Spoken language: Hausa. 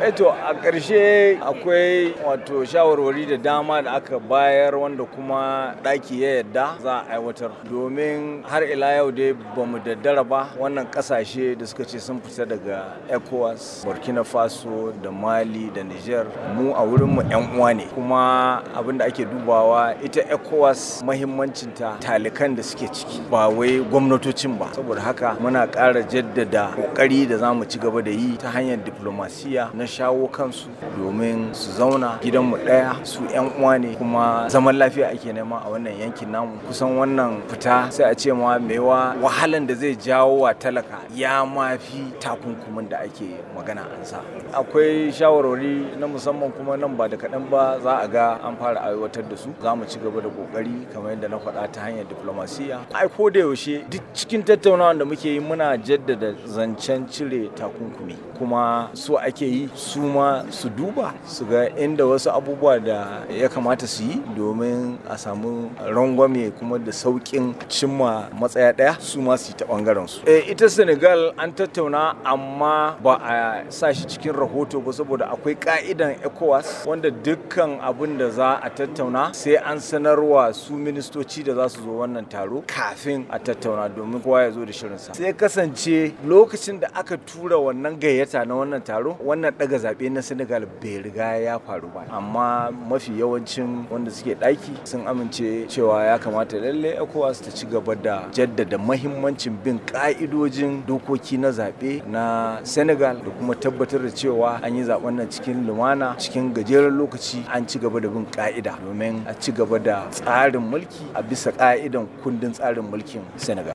Eto eh a ƙarshe akwai wato shawarwari da dama da aka bayar wanda kuma ɗaki ya yadda za a aiwatar domin har ila yau dai ba mu daddara ba wannan ƙasashe da suka ce sun fita daga ECOWAS Burkina Faso da Mali da Niger mu a wurinmu mu uwa ne kuma abin da ake dubawa ita ECOWAS mahimmancinta talikan da suke ciki ba wai gwamnatocin ba saboda haka muna ƙara jaddada ƙoƙari da za mu ci gaba da yi ta hanyar diplomasiya na shawo kansu domin su zauna gidanmu ɗaya su 'yan uwa ne kuma zaman lafiya ake nema a wannan yankin namu kusan wannan fita sai a ce ma mewa wahalan da zai jawo wa talaka ya mafi takunkumin da ake magana an sa akwai shawarwari na musamman kuma nan ba da kaɗan ba za a ga an fara aiwatar da su za mu ci gaba da kokari kamar yadda na faɗa ta hanyar diplomasiya ai ko da yaushe duk cikin tattaunawa da muke yi muna jaddada zancen cire takunkumi kuma su ake yi su ma su duba su ga inda wasu abubuwa da ya kamata su yi domin a samu rangwame kuma da saukin cimma matsaya ɗaya su ma su yi ta ɓangaren su. Eh, ita Senegal an tattauna amma ba a sa shi cikin rahoto ba saboda akwai ka'idan ECOWAS wanda dukkan abin da za a tattauna sai an sanarwa su ministoci da za su zo wannan taro kafin a tattauna domin kowa ya zo da shirin sa. Sai kasance lokacin da aka tura wannan gayyata na wannan taro wannan daga zaɓe na senegal bai riga ya faru ba amma mafi yawancin wanda suke ɗaki sun amince cewa ya kamata lalle ecowas ta ci gaba da jaddada mahimmancin bin ƙa'idojin dokoki na zaɓe na senegal da kuma tabbatar da cewa an yi zaɓen nan cikin lumana cikin gajeren lokaci an ci gaba da bin ƙa'ida domin a ci gaba da tsarin mulki a bisa ƙa'idan kundin tsarin mulkin senegal